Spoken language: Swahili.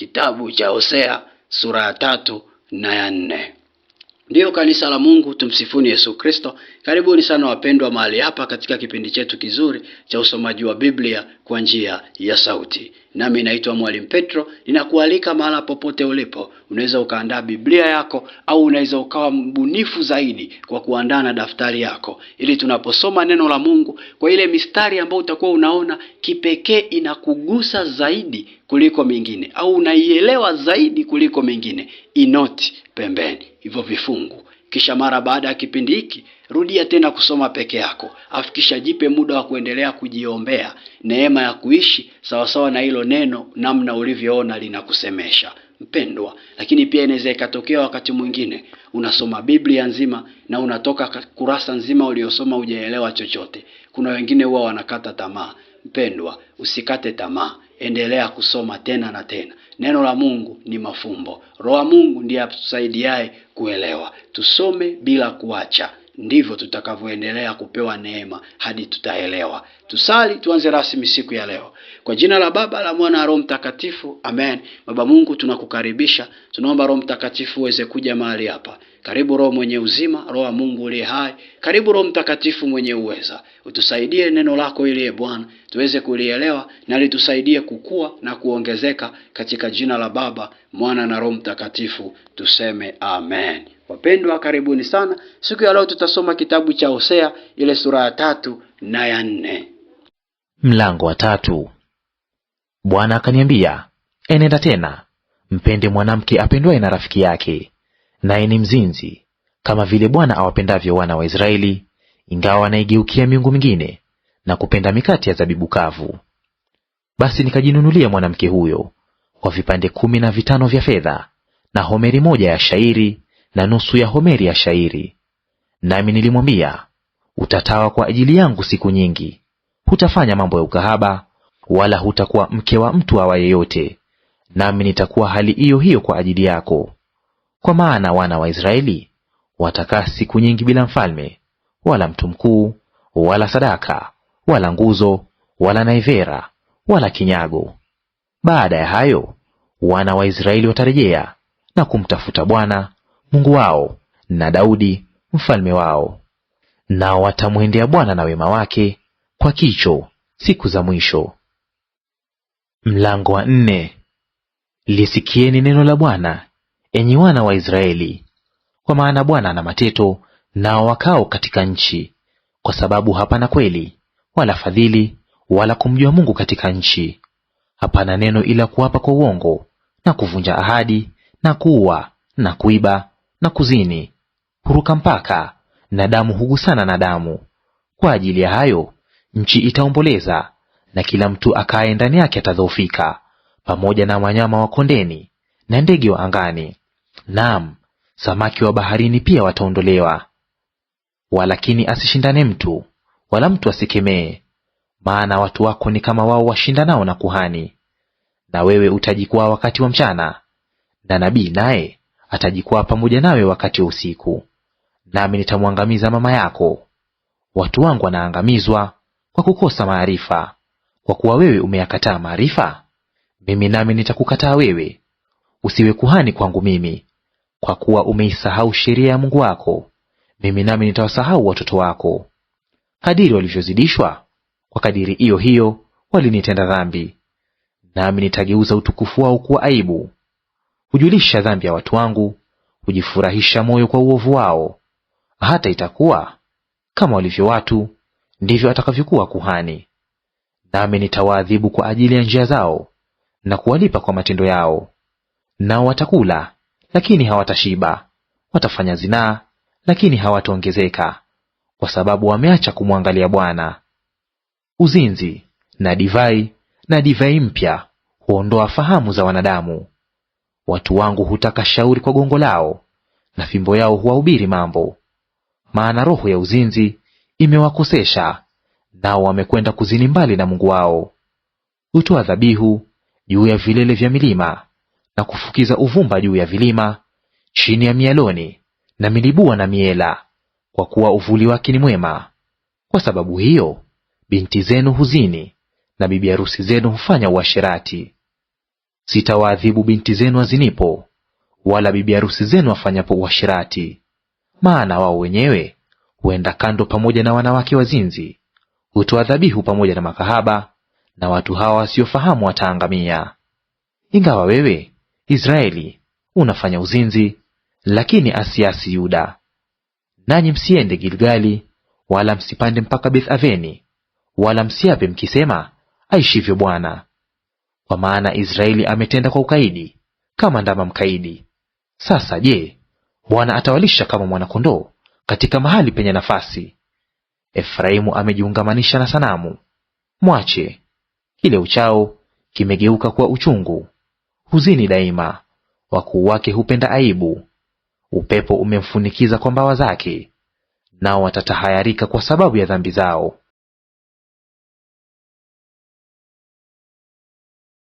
kitabu cha Hosea sura ya tatu na ya nne. Ndiyo kanisa la Mungu, tumsifuni Yesu Kristo. Karibuni sana wapendwa mahali hapa katika kipindi chetu kizuri cha usomaji wa Biblia kwa njia ya sauti. Nami naitwa Mwalimu Petro, ninakualika mahala popote ulipo. Unaweza ukaandaa Biblia yako au unaweza ukawa mbunifu zaidi kwa kuandaa na daftari yako, ili tunaposoma neno la Mungu kwa ile mistari ambayo utakuwa unaona kipekee inakugusa zaidi kuliko mingine, au unaielewa zaidi kuliko mingine. Inoti hivyo vifungu. Kisha mara baada ya kipindi hiki rudia tena kusoma peke yako, afikisha jipe muda wa kuendelea kujiombea neema ya kuishi sawasawa na hilo neno, namna ulivyoona linakusemesha mpendwa. Lakini pia inaweza ikatokea wakati mwingine unasoma Biblia nzima na unatoka kurasa nzima uliosoma hujaelewa chochote. Kuna wengine huwa wanakata tamaa. Mpendwa, usikate tamaa, endelea kusoma tena na tena. Neno la Mungu ni mafumbo. Roho wa Mungu ndiye atusaidiaye kuelewa. Tusome bila kuacha, ndivyo tutakavyoendelea kupewa neema hadi tutaelewa. Tusali, tuanze rasmi siku ya leo kwa jina la Baba, la Mwana na Roho Mtakatifu, amen. Baba Mungu, tunakukaribisha, tunaomba Roho Mtakatifu uweze kuja mahali hapa karibu Roho mwenye uzima, Roho wa Mungu uliye hai, karibu Roho Mtakatifu mwenye uweza, utusaidie neno lako ili e ee Bwana tuweze kulielewa na litusaidie kukua na kuongezeka, katika jina la Baba, Mwana na Roho Mtakatifu tuseme amen. Wapendwa, karibuni sana. Siku ya leo tutasoma kitabu cha Hosea ile sura ya tatu na ya nne. Mlango wa tatu. Bwana akaniambia, enenda tena, mpende mwanamke apendwaye na rafiki yake naye ni mzinzi, kama vile Bwana awapendavyo wana wa Israeli, ingawa wanaigeukia miungu mingine na kupenda mikate ya zabibu kavu. Basi nikajinunulia mwanamke huyo kwa vipande kumi na vitano vya fedha na homeri moja ya shairi na nusu ya homeri ya shairi. Nami nilimwambia, utatawa kwa ajili yangu siku nyingi, hutafanya mambo ya ukahaba, wala hutakuwa mke wa mtu awa yeyote, nami nitakuwa hali hiyo hiyo kwa ajili yako. Kwa maana wana wa Israeli watakaa siku nyingi bila mfalme, wala mtu mkuu, wala sadaka, wala nguzo, wala naivera, wala kinyago. Baada ya hayo wana wa Israeli watarejea na kumtafuta Bwana Mungu wao na Daudi mfalme wao, nao watamwendea Bwana na wema wake kwa kicho siku za mwisho. Mlango wa nne. Lisikieni neno la Bwana enyi wana wa Israeli. Kwa maana Bwana ana mateto nao wakao katika nchi, kwa sababu hapana kweli wala fadhili wala kumjua Mungu katika nchi. Hapana neno ila kuapa kwa uongo na kuvunja ahadi na kuua na kuiba na kuzini. Huruka mpaka na damu hugusana na damu. Kwa ajili ya hayo nchi itaomboleza, na kila mtu akaye ndani yake atadhoofika, pamoja na wanyama wa kondeni na ndege wa angani naam, samaki wa baharini pia wataondolewa. Walakini asishindane mtu, wala mtu asikemee, maana watu wako ni kama wao washindanao na kuhani. Na wewe utajikwaa wakati wa mchana, na nabii naye atajikwaa pamoja nawe wakati wa usiku. Nami nitamwangamiza mama yako. Watu wangu wanaangamizwa kwa kukosa maarifa. Kwa kuwa wewe umeyakataa maarifa, mimi nami nitakukataa wewe, usiwe kuhani kwangu mimi. Kwa kuwa umeisahau sheria ya Mungu wako, mimi nami nitawasahau watoto wako. Kadiri walivyozidishwa, kwa kadiri iyo hiyo walinitenda dhambi, nami nitageuza utukufu wao kuwa aibu. Hujulisha dhambi ya watu wangu, hujifurahisha moyo kwa uovu wao. Hata itakuwa kama walivyo watu, ndivyo atakavyokuwa kuhani. Nami nitawaadhibu kwa ajili ya njia zao, na kuwalipa kwa matendo yao. Nao watakula lakini hawatashiba; watafanya zinaa, lakini hawataongezeka, kwa sababu wameacha kumwangalia Bwana. Uzinzi na divai na divai mpya huondoa fahamu za wanadamu. Watu wangu hutaka shauri kwa gongo lao, na fimbo yao huwahubiri mambo. Maana roho ya uzinzi imewakosesha, nao wamekwenda kuzini mbali na Mungu wao. Hutoa dhabihu juu ya vilele vya milima na kufukiza uvumba juu ya vilima, chini ya mialoni na milibua na miela, kwa kuwa uvuli wake ni mwema. Kwa sababu hiyo binti zenu huzini na bibi harusi zenu hufanya uasherati. Sitawaadhibu binti zenu azinipo, wala bibi harusi zenu afanyapo uasherati, maana wao wenyewe huenda kando pamoja na wanawake wazinzi, hutoa dhabihu pamoja na makahaba, na watu hawa wasiofahamu wataangamia. Ingawa wewe Israeli unafanya uzinzi, lakini asiasi Yuda. Nanyi msiende Gilgali, wala msipande mpaka Beth Aveni, wala msiape mkisema, aishivyo Bwana. Kwa maana Israeli ametenda kwa ukaidi kama ndama mkaidi. Sasa je, Bwana atawalisha kama mwanakondoo katika mahali penye nafasi. Efraimu amejiungamanisha na sanamu, mwache; kile uchao kimegeuka kuwa uchungu huzini daima, wakuu wake hupenda aibu. Upepo umemfunikiza kwa mbawa zake, nao watatahayarika kwa sababu ya dhambi zao.